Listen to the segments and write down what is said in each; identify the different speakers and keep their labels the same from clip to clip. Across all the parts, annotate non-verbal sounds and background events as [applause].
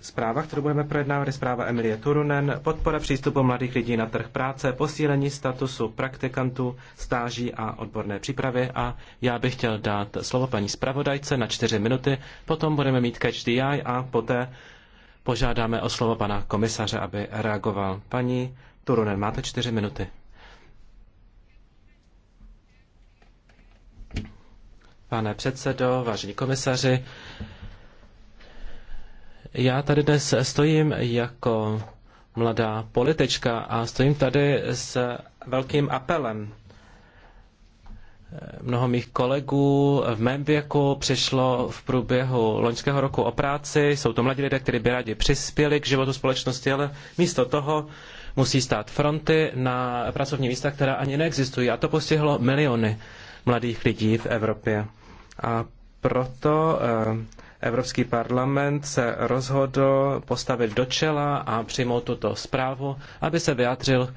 Speaker 1: zpráva, kterou budeme projednávat, je zpráva Emilie Turunen, podpora přístupu mladých lidí na trh práce, posílení statusu praktikantů, stáží a odborné přípravy. A já bych chtěl dát slovo paní zpravodajce na čtyři minuty, potom budeme mít catch the eye a poté požádáme o slovo pana komisaře, aby reagoval. Paní Turunen, máte čtyři minuty. Pane předsedo, vážení komisaři, já tady dnes stojím jako mladá politička a stojím tady s velkým apelem. Mnoho mých kolegů v mém věku přišlo v průběhu loňského roku o práci. Jsou to mladí lidé, kteří by rádi přispěli k životu společnosti, ale místo toho musí stát fronty na pracovní místa, která ani neexistují. A to postihlo miliony mladých lidí v Evropě. A proto eh, Evropský parlament se rozhodl postavit do čela a přijmout tuto zprávu, aby se vyjádřil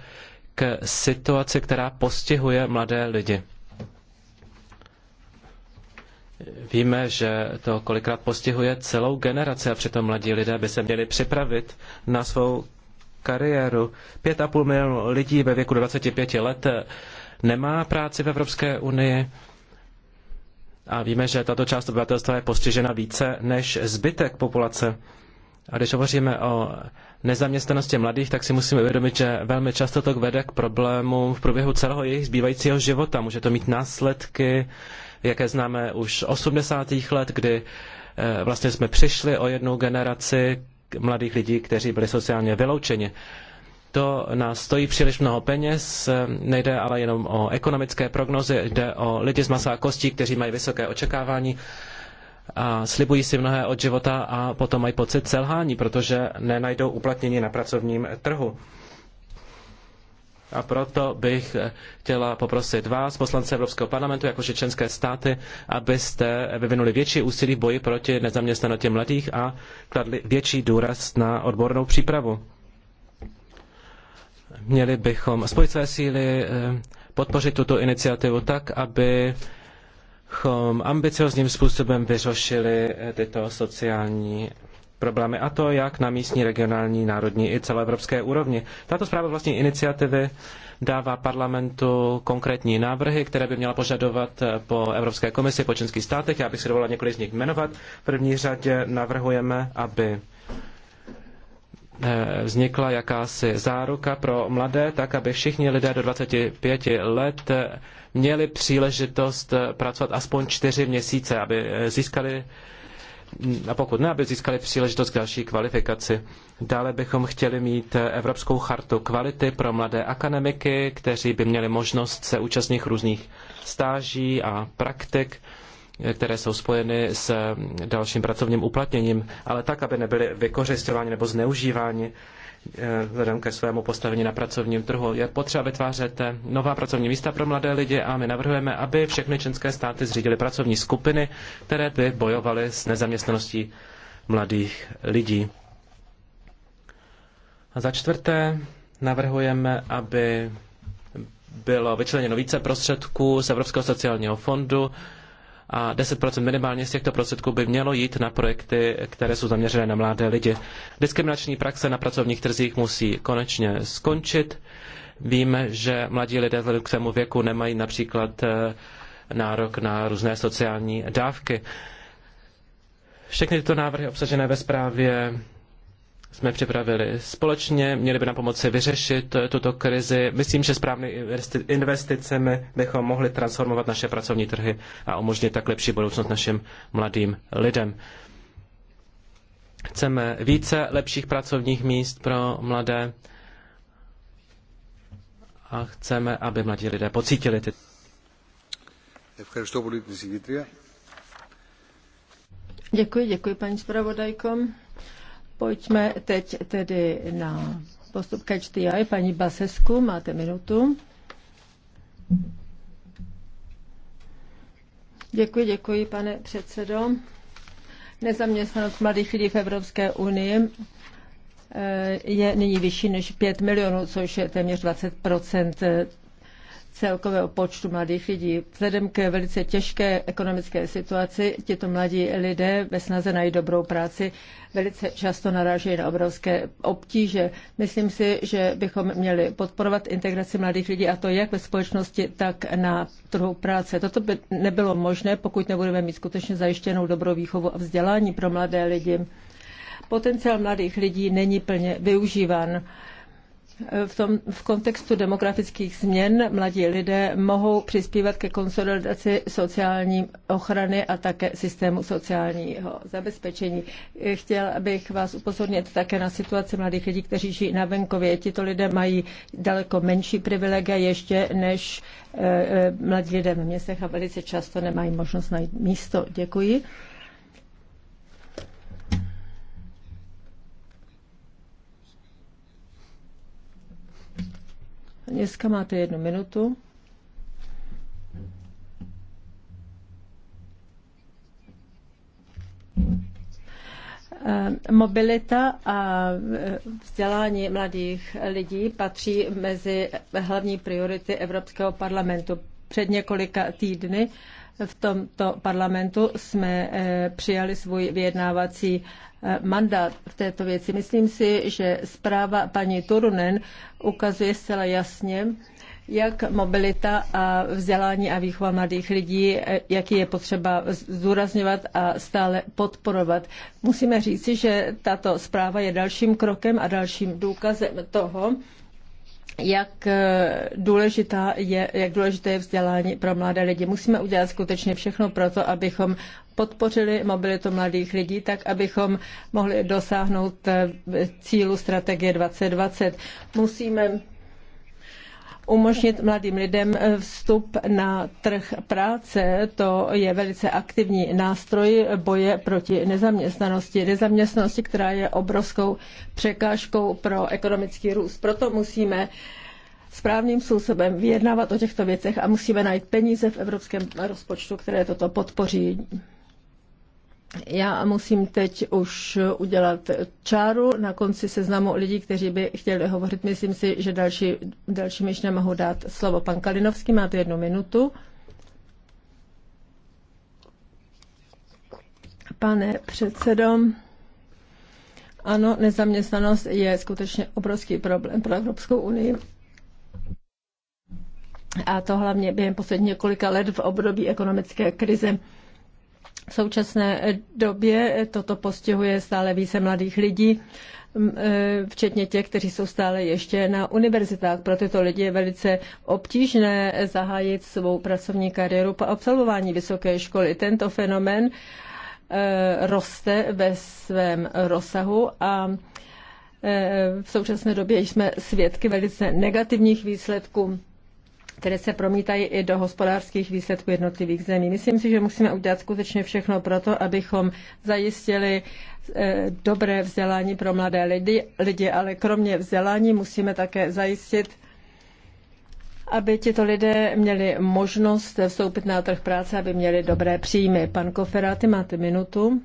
Speaker 1: k situaci, která postihuje mladé lidi. Víme, že to kolikrát postihuje celou generaci a přitom mladí lidé by se měli připravit na svou kariéru. Pět a půl milionu lidí ve věku 25 let nemá práci v Evropské unii a víme, že tato část obyvatelstva je postižena více než zbytek populace. A když hovoříme o nezaměstnanosti mladých, tak si musíme uvědomit, že velmi často to vede k problémům v průběhu celého jejich zbývajícího života. Může to mít následky, jaké známe už 80. let, kdy eh, vlastně jsme přišli o jednu generaci mladých lidí, kteří byli sociálně vyloučeni. To nás stojí příliš mnoho peněz, nejde ale jenom o ekonomické prognozy, jde o lidi z masa a kostí, kteří mají vysoké očekávání a slibují si mnohé od života a potom mají pocit selhání, protože nenajdou uplatnění na pracovním trhu. A proto bych chtěla poprosit vás, poslance Evropského parlamentu, i členské státy, abyste vyvinuli větší úsilí v boji proti nezaměstnanosti mladých a kladli větší důraz na odbornou přípravu. Měli bychom spojit své síly, eh, podpořit tuto iniciativu tak, abychom ambiciozním způsobem vyřešili eh, tyto sociální problémy, a to jak na místní, regionální, národní i celoevropské úrovni. Tato zpráva vlastní iniciativy dává parlamentu konkrétní návrhy, které by měla požadovat eh, po Evropské komisi, po členských státech. Já bych si dovolila několik z nich jmenovat. V první řadě navrhujeme, aby Eh, vznikla jakási záruka pro mladé, tak aby všichni lidé do 25 let eh, měli příležitost eh, pracovat aspoň čtyři měsíce, aby získali mm, a pokud ne, aby získali příležitost k další kvalifikaci. Dále bychom chtěli mít Evropskou chartu kvality pro mladé akademiky, kteří by měli možnost se účastnit různých stáží a praktik které jsou spojeny s dalším pracovním uplatněním, ale tak, aby nebyly vykořisťovány nebo zneužívány eh, vzhledem ke svému postavení na pracovním trhu. Je potřeba vytvářet eh, nová pracovní místa pro mladé lidi a my navrhujeme, aby všechny členské státy zřídily pracovní skupiny, které by bojovaly s nezaměstnaností mladých lidí. A za čtvrté navrhujeme, aby bylo vyčleněno více prostředků z Evropského sociálního fondu a 10% minimálně z těchto prostředků by mělo jít na projekty, které jsou zaměřené na mladé lidi. Diskriminační praxe na pracovních trzích musí konečně skončit. Víme, že mladí lidé vzhledem k svému věku nemají například eh, nárok na různé sociální dávky. Všechny tyto návrhy obsažené ve zprávě jsme připravili společně, měli by nám pomoci vyřešit tuto krizi. Myslím, že správnými investicemi bychom mohli transformovat naše pracovní trhy a umožnit tak lepší budoucnost našim mladým lidem. Chceme více lepších pracovních míst pro mladé a chceme, aby mladí lidé pocítili ty.
Speaker 2: Děkuji, děkuji paní zpravodajkom. Pojďme teď tedy na postup KHTI. Paní Basesku, máte minutu. Děkuji, děkuji, pane předsedo. Nezaměstnanost mladých lidí v Evropské unii eh, je nyní vyšší než 5 milionů, což je téměř 20 celkového počtu mladých lidí. Vzhledem k velice těžké ekonomické situaci, tito mladí lidé ve snaze najít dobrou práci velice často narážejí na obrovské obtíže. Myslím si, že bychom měli podporovat integraci mladých lidí a to jak ve společnosti, tak na trhu práce. Toto by nebylo možné, pokud nebudeme mít skutečně zajištěnou dobrou výchovu a vzdělání pro mladé lidi. Potenciál mladých lidí není plně využíván v, tom, v kontextu demokratických změn mladí lidé mohou přispívat ke konsolidaci sociální ochrany a také systému sociálního zabezpečení. Chtěl bych vás upozornit také na situaci mladých lidí, kteří žijí na venkově. Tito lidé mají daleko menší privilegia ještě než eh, eh, mladí lidé v městech a velice často nemají možnost najít místo. Děkuji. Dneska máte jednu minutu. Eh, mobilita a eh, vzdělání mladých lidí patří mezi hlavní priority Evropského parlamentu. Před několika týdny v tomto parlamentu jsme eh, přijali svůj vyjednávací Eh, mandát v této věci. Myslím si, že zpráva paní Turunen ukazuje zcela jasně, jak mobilita a vzdělání a výchova mladých lidí, eh, jaký je potřeba zdůrazňovat a stále podporovat. Musíme říci, že tato zpráva je dalším krokem a dalším důkazem toho, jak, eh, důležitá je, jak důležité je vzdělání pro mladé lidi. Musíme udělat skutečně všechno pro to, abychom podpořili mobilitu mladých lidí, tak abychom mohli dosáhnout eh, cílu strategie 2020. Musíme umožnit mladým lidem eh, vstup na trh práce. To je velice aktivní nástroj boje proti nezaměstnanosti. Nezaměstnanosti, která je obrovskou překážkou pro ekonomický růst. Proto musíme správným způsobem vyjednávat o těchto věcech a musíme najít peníze v evropském rozpočtu, které toto podpoří. Já musím teď už udělat čáru na konci seznamu lidí, kteří by chtěli hovořit. Myslím si, že další, další již nemohu dát slovo. Pan Kalinovský, máte jednu minutu. Pane předsedo, ano, nezaměstnanost je skutečně obrovský problém pro Evropskou unii. A to hlavně během posledních několika let v období ekonomické krize. V současné době toto postihuje stále více mladých lidí, e, včetně těch, kteří jsou stále ještě na univerzitách. Pro tyto lidi je velice obtížné zahájit svou pracovní kariéru po absolvování vysoké školy. Tento fenomen e, roste ve svém rozsahu a e, v současné době jsme svědky velice negativních výsledků které se promítají i do hospodářských výsledků jednotlivých zemí. Myslím si, že musíme udělat skutečně všechno pro to, abychom zajistili eh, dobré vzdělání pro mladé lidi, lidi, ale kromě vzdělání musíme také zajistit, aby tito lidé měli možnost vstoupit na trh práce, aby měli dobré příjmy. Pan Koferáty, máte minutu.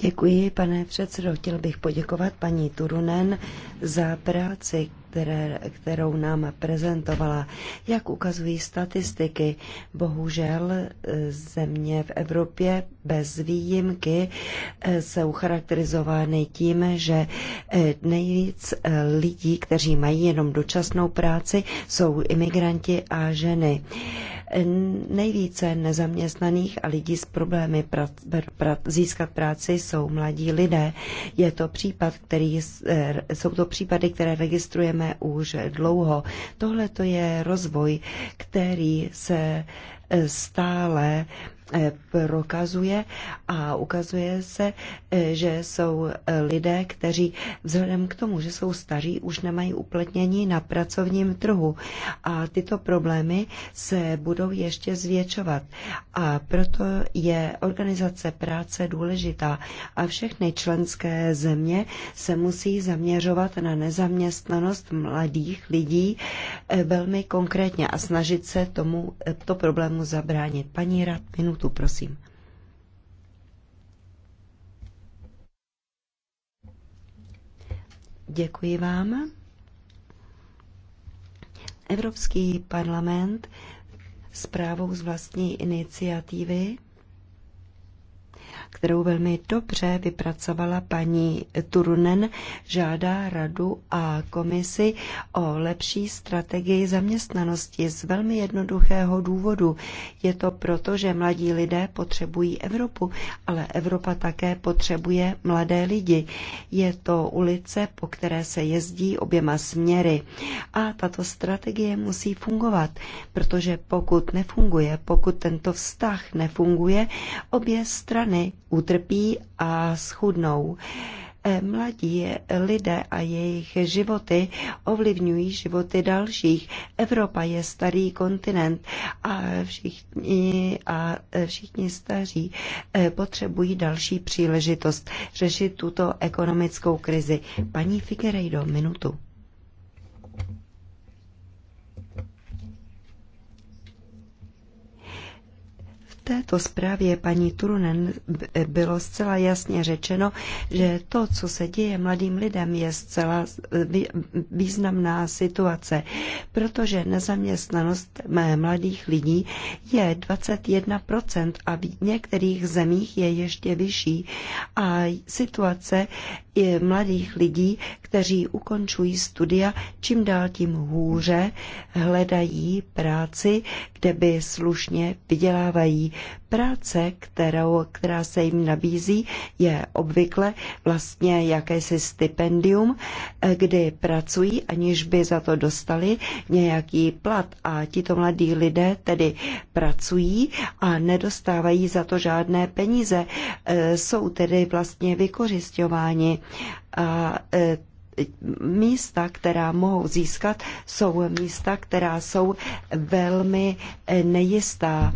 Speaker 3: Děkuji, pane předsedo. Chtěl bych poděkovat paní Turunen za práci, které, kterou nám prezentovala. Jak ukazují statistiky, bohužel e, země v Evropě bez výjimky e, jsou charakterizovány tím, že e, nejvíc lidí, kteří mají jenom dočasnou práci, jsou imigranti a ženy. Nejvíce nezaměstnaných a lidí s problémy pra, pra, získat práci jsou mladí lidé. Je to případ, který, eh, jsou to případy, které registrujeme už dlouho. Tohle to je rozvoj, který se eh, stále Eh, prokazuje a ukazuje se, eh, že jsou eh, lidé, kteří vzhledem k tomu, že jsou staří, už nemají uplatnění na pracovním trhu a tyto problémy se budou ještě zvětšovat. A proto je organizace práce důležitá a všechny členské země se musí zaměřovat na nezaměstnanost mladých lidí velmi konkrétně a snažit se tomu to problému zabránit. Paní Rad, minutu, prosím. Děkuji vám. Evropský parlament zprávou z vlastní iniciativy kterou velmi dobře vypracovala paní Turunen, žádá radu a komisi o lepší strategii zaměstnanosti z velmi jednoduchého důvodu. Je to proto, že mladí lidé potřebují Evropu, ale Evropa také potřebuje mladé lidi. Je to ulice, po které se jezdí oběma směry. A tato strategie musí fungovat, protože pokud nefunguje, pokud tento vztah nefunguje, obě strany utrpí a schudnou. Eh, mladí lidé a jejich životy ovlivňují životy dalších. Evropa je starý kontinent a všichni, a eh, všichni staří eh, potřebují další příležitost řešit tuto ekonomickou krizi. Paní Figueiredo, minutu. této zprávě paní Turunen eh, bylo zcela jasně řečeno, že to, co se děje mladým lidem, je zcela eh, významná situace, protože nezaměstnanost mladých lidí je 21% a v některých zemích je ještě vyšší a situace mladých lidí, kteří ukončují studia, čím dál tím hůře hledají práci, kde by slušně vydělávají, Práce, kterou, která se jim nabízí, je obvykle vlastně jakési stipendium, eh, kdy pracují, aniž by za to dostali nějaký plat. A tito mladí lidé tedy pracují a nedostávají za to žádné peníze. Eh, jsou tedy vlastně vykořišťováni. A eh, místa, která mohou získat, jsou místa, která jsou velmi eh, nejistá.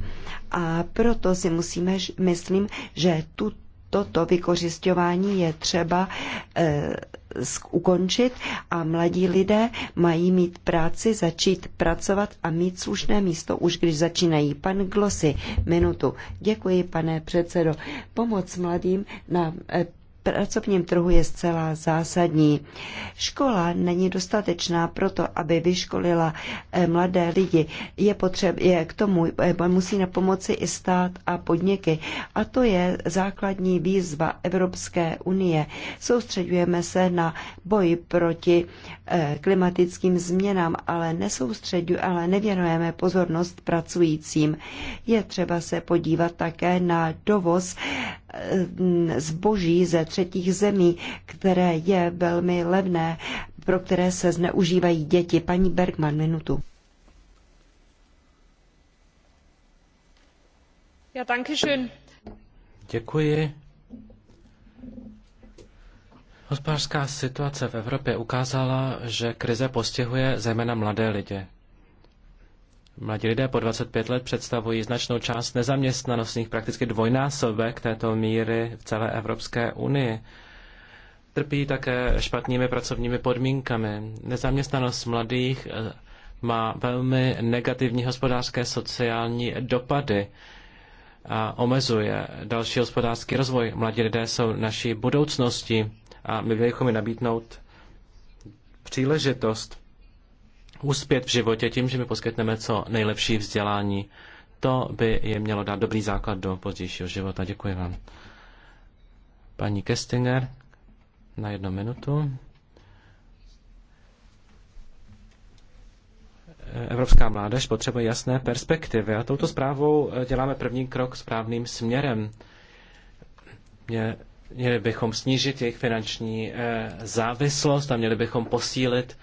Speaker 3: A proto si musíme, myslím, že tu, toto vykořišťování je třeba e, ukončit a mladí lidé mají mít práci, začít pracovat a mít slušné místo už když začínají. Pan Glosy, minutu. Děkuji, pane předsedo. Pomoc mladým na eh, pracovním trhu je zcela zásadní. Škola není dostatečná proto, aby vyškolila eh, mladé lidi. Je potřeb, je k tomu eh, musí na pomoci i stát a podniky. A to je základní výzva Evropské unie. Soustředujeme se na boj proti eh, klimatickým změnám, ale nesoustředu, ale nevěnujeme pozornost pracujícím. Je třeba se podívat také na dovoz zboží ze třetích zemí, které je velmi levné, pro které se zneužívají děti. Paní Bergman, minutu. Ja, danke schön.
Speaker 1: Děkuji. Hospodářská situace v Evropě ukázala, že krize postihuje zejména mladé lidi. Mladí lidé po 25 let představují značnou část nezaměstnanostních, prakticky dvojnásobek této míry v celé Evropské unii. Trpí také špatnými pracovními podmínkami. Nezaměstnanost mladých eh, má velmi negativní hospodářské sociální dopady a omezuje další hospodářský rozvoj. Mladí lidé jsou naší budoucností a my bychom jim nabídnout příležitost uspět v životě tím, že mi poskytneme co nejlepší vzdělání. To by je mělo dát dobrý základ do pozdějšího života. Děkuji vám. Paní Kestinger, na jednu minutu. Evropská mládež potřebuje jasné perspektivy a touto zprávou eh, děláme první krok správným směrem. Mě měli bychom snížit jejich finanční eh, závislost a měli bychom posílit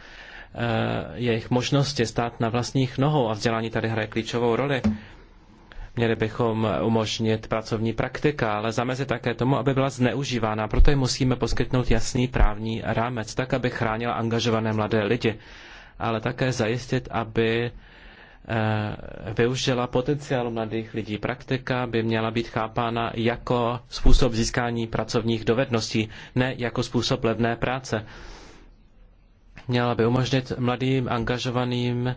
Speaker 1: Eh, jejich možnosti stát na vlastních nohou a vzdělání tady hraje klíčovou roli. Měli bychom umožnit pracovní praktika, ale zamezit také tomu, aby byla zneužívána. Proto musíme poskytnout jasný právní rámec, tak aby chránila angažované mladé lidi, ale také zajistit, aby eh, využila potenciál mladých lidí. Praktika by měla být chápána jako způsob získání pracovních dovedností, ne jako způsob levné práce. Měla by umožnit mladým angažovaným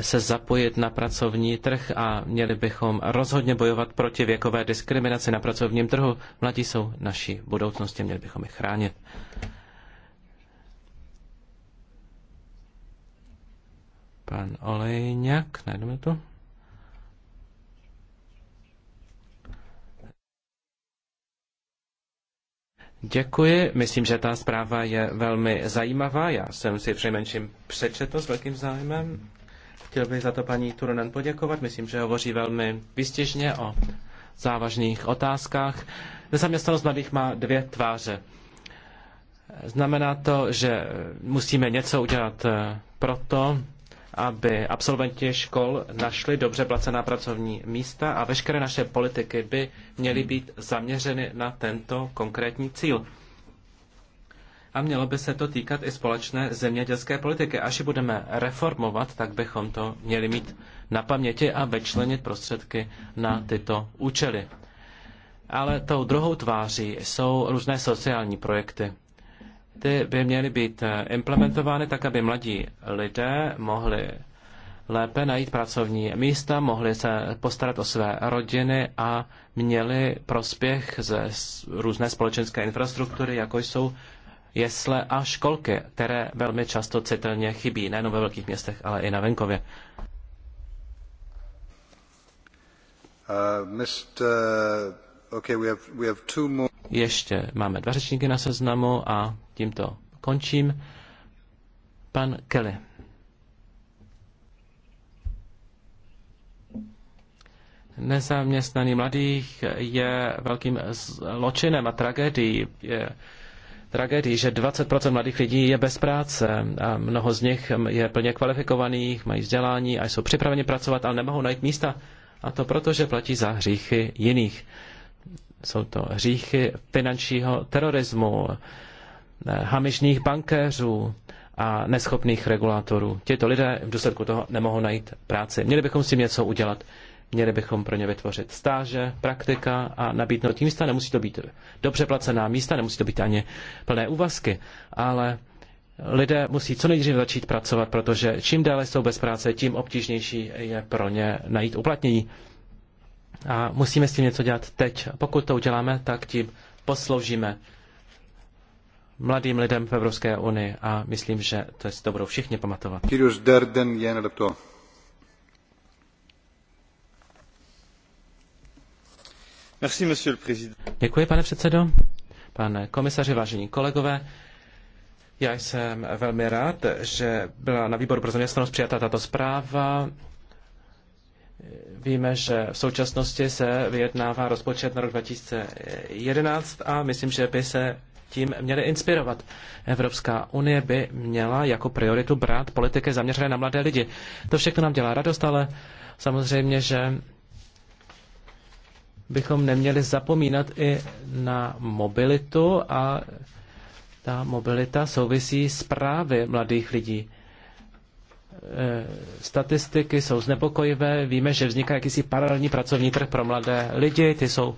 Speaker 1: se zapojit na pracovní trh a měli bychom rozhodně bojovat proti věkové diskriminaci na pracovním trhu. Mladí jsou naší budoucnosti, měli bychom je chránit. Pan Olejňák, najdeme to. Děkuji, myslím, že ta zpráva je velmi zajímavá. Já jsem si přejmenším přečetl s velkým zájmem. Chtěl bych za to paní Turunen poděkovat. Myslím, že hovoří velmi výstižně o závažných otázkách. Nezaměstnanost mladých má dvě tváře. Znamená to, že musíme něco udělat eh, proto, aby absolventi škol našli dobře placená pracovní místa a veškeré naše politiky by měly být zaměřeny na tento konkrétní cíl. A mělo by se to týkat i společné zemědělské politiky. Až ji budeme reformovat, tak bychom to měli mít na paměti a vyčlenit prostředky na tyto účely. Ale tou druhou tváří jsou různé sociální projekty ty by měly být eh, implementovány tak, aby mladí lidé mohli lépe najít pracovní místa, mohli se postarat o své rodiny a měli prospěch ze různé společenské infrastruktury, jako jsou jesle a školky, které velmi často citelně chybí, nejen ve velkých městech, ale i na venkově. Uh, Ještě máme dva řečníky na seznamu a tímto končím. Pan Kelly. Nezaměstnaný mladých je velkým zločinem a tragédií. Je tragédií, že 20% mladých lidí je bez práce a mnoho z nich je plně kvalifikovaných, mají vzdělání a jsou připraveni pracovat, ale nemohou najít místa. A to proto, že platí za hříchy jiných. Jsou to hříchy finančního terorismu, Eh, hamižných bankéřů a neschopných regulátorů. Těto lidé v důsledku toho nemohou najít práci. Měli bychom si něco udělat. Měli bychom pro ně vytvořit stáže, praktika a nabídnout místa. Nemusí to být dobře placená místa, nemusí to být ani plné úvazky, ale lidé musí co nejdříve začít pracovat, protože čím déle jsou bez práce, tím obtížnější je pro ně najít uplatnění. A musíme s tím něco dělat teď. Pokud to uděláme, tak tím posloužíme mladým lidem v Evropské unii a myslím, že to si to budou všichni pamatovat. Děkuji, pane předsedo. Pane komisaři, vážení kolegové, já jsem velmi rád, že byla na výboru pro zaměstnanost přijata tato zpráva. Víme, že v současnosti se vyjednává rozpočet na rok 2011 a myslím, že by se tím měli inspirovat. Evropská unie by měla jako prioritu brát politiky zaměřené na mladé lidi. To všechno nám dělá radost, ale samozřejmě, že bychom neměli zapomínat i na mobilitu a ta mobilita souvisí s právy mladých lidí. E, statistiky jsou znepokojivé, víme, že vzniká jakýsi paralelní pracovní trh pro mladé lidi, ty jsou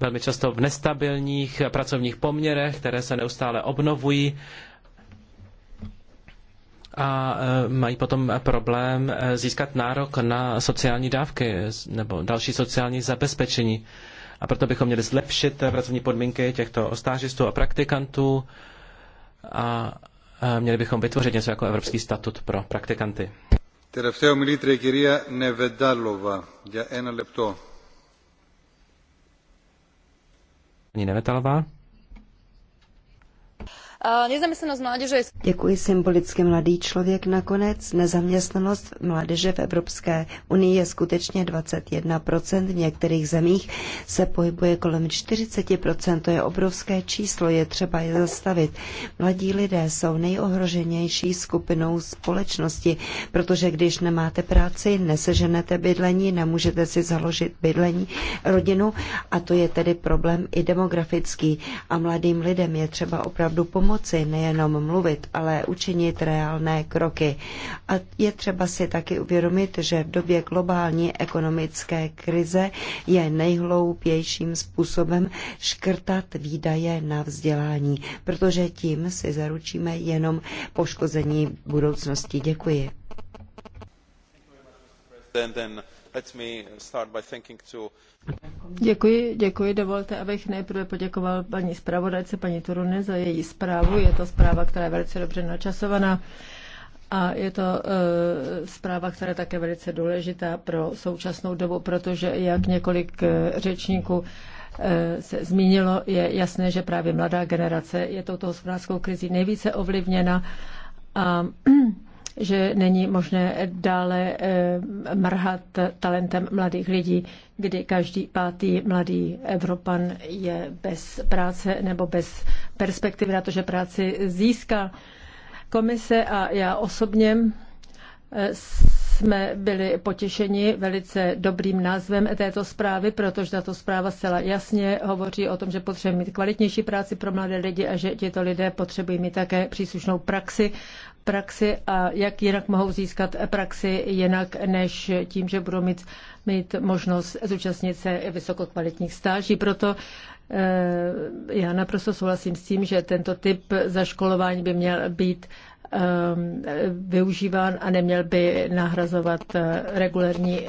Speaker 1: velmi často v nestabilních pracovních poměrech, které se neustále obnovují a e, mají potom problém e, získat nárok na sociální dávky nebo další sociální zabezpečení. A proto bychom měli zlepšit pracovní podmínky těchto stážistů a praktikantů a e, měli bychom vytvořit něco jako Evropský statut pro praktikanty.
Speaker 2: Τελευταία ομιλήτρια κυρία Νεβεντάλοβα για ένα lepto.
Speaker 1: Paní Nevetalová.
Speaker 3: Nezaměstnanost mládeže... Děkuji symbolicky mladý člověk nakonec. Nezaměstnanost mládeže v Evropské unii je skutečně 21%. V některých zemích se pohybuje kolem 40%. To je obrovské číslo, je třeba je zastavit. Mladí lidé jsou nejohroženější skupinou společnosti, protože když nemáte práci, neseženete bydlení, nemůžete si založit bydlení, rodinu a to je tedy problém i demografický. A mladým lidem je třeba opravdu pomoci pomoci nejenom mluvit, ale učinit reálné kroky. A je třeba si taky uvědomit, že v době globální ekonomické krize je nejhloupějším způsobem škrtat výdaje na vzdělání, protože tím si zaručíme jenom poškození budoucnosti. Děkuji. Děkuji,
Speaker 2: děkuji. Dovolte, abych nejprve poděkoval paní zpravodajce, paní Turune, za její zprávu. Je to zpráva, která je velice dobře načasovaná a je to uh, zpráva, která je také velice důležitá pro současnou dobu, protože, jak několik uh, řečníků eh, se zmínilo, je jasné, že právě mladá generace je touto hospodářskou krizí nejvíce ovlivněna. A, [clears throat] že není možné dále eh, mrhat talentem mladých lidí, kdy každý pátý mladý Evropan je bez práce nebo bez perspektivy na to, že práci získá. Komise a já osobně eh, jsme byli potěšeni velice dobrým názvem této zprávy, protože tato zpráva zcela jasně hovoří o tom, že potřebujeme mít kvalitnější práci pro mladé lidi a že tito lidé potřebují mít také příslušnou praxi praxi a jak jinak mohou získat praxi jinak než tím, že budou mít, mít možnost zúčastnit se vysokokvalitních stáží. Proto eh, já naprosto souhlasím s tím, že tento typ zaškolování by měl být Um, využíván a neměl by nahrazovat eh, regulární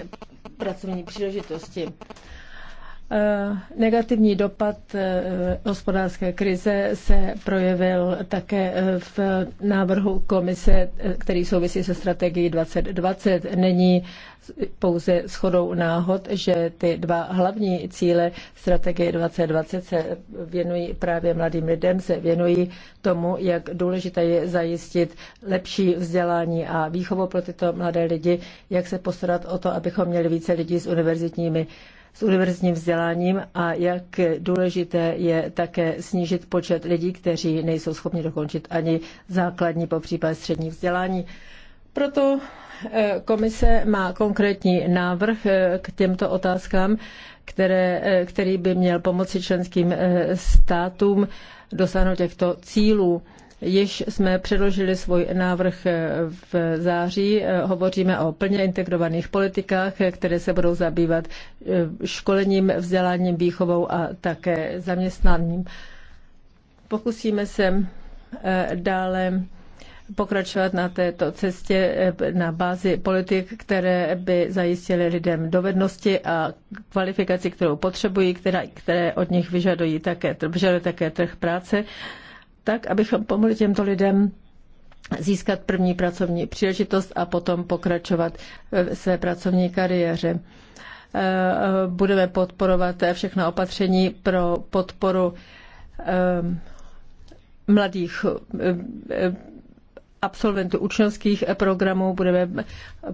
Speaker 2: pracovní příležitosti. Eh, negativní dopad eh, hospodářské krize se projevil také eh, v návrhu komise, který souvisí se strategií 2020. Není pouze shodou náhod, že ty dva hlavní cíle strategie 2020 se věnují právě mladým lidem, se věnují tomu, jak důležité je zajistit lepší vzdělání a výchovu pro tyto mladé lidi, jak se postarat o to, abychom měli více lidí s univerzitními s univerzním vzděláním a jak důležité je také snížit počet lidí, kteří nejsou schopni dokončit ani základní, po případě střední vzdělání. Proto eh, komise má konkrétní návrh eh, k těmto otázkám, které, eh, který by měl pomoci členským státům dosáhnout těchto cílů. Již jsme předložili svůj návrh v září. Hovoříme o plně integrovaných politikách, které se budou zabývat eh, školením, vzděláním, výchovou a také zaměstnáním. Pokusíme se eh, dále pokračovat na této cestě eh, na bázi politik, které by zajistily lidem dovednosti a kvalifikaci, kterou potřebují, které, které od nich vyžadují také, vyžaduje také trh práce tak, abychom pomohli těmto lidem získat první pracovní příležitost a potom pokračovat v své pracovní kariéře. Eh, budeme podporovat všechna opatření pro podporu eh, mladých eh, absolventů učňovských programů, budeme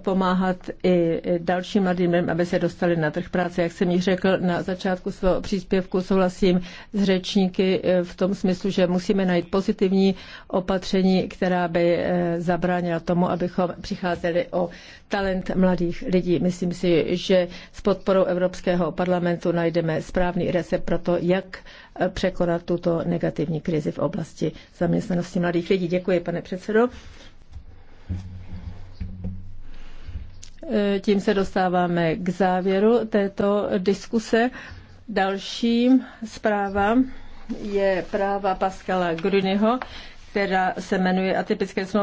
Speaker 2: pomáhat i dalším mladým lidem, aby se dostali na trh práce. Jak jsem již řekl na začátku svého příspěvku, souhlasím s řečníky eh, v tom smyslu, že musíme najít pozitivní opatření, která by eh, zabránila tomu, abychom přicházeli o talent mladých lidí. Myslím si, že s podporou Evropského parlamentu najdeme správný recept pro to, jak eh, překonat tuto negativní krizi v oblasti zaměstnanosti mladých lidí. Děkuji, pane předsedo. Eh, tím se dostáváme k závěru této diskuse. Dalším zprávám je práva Pascala Grunyho, která se jmenuje Atypické smlouvy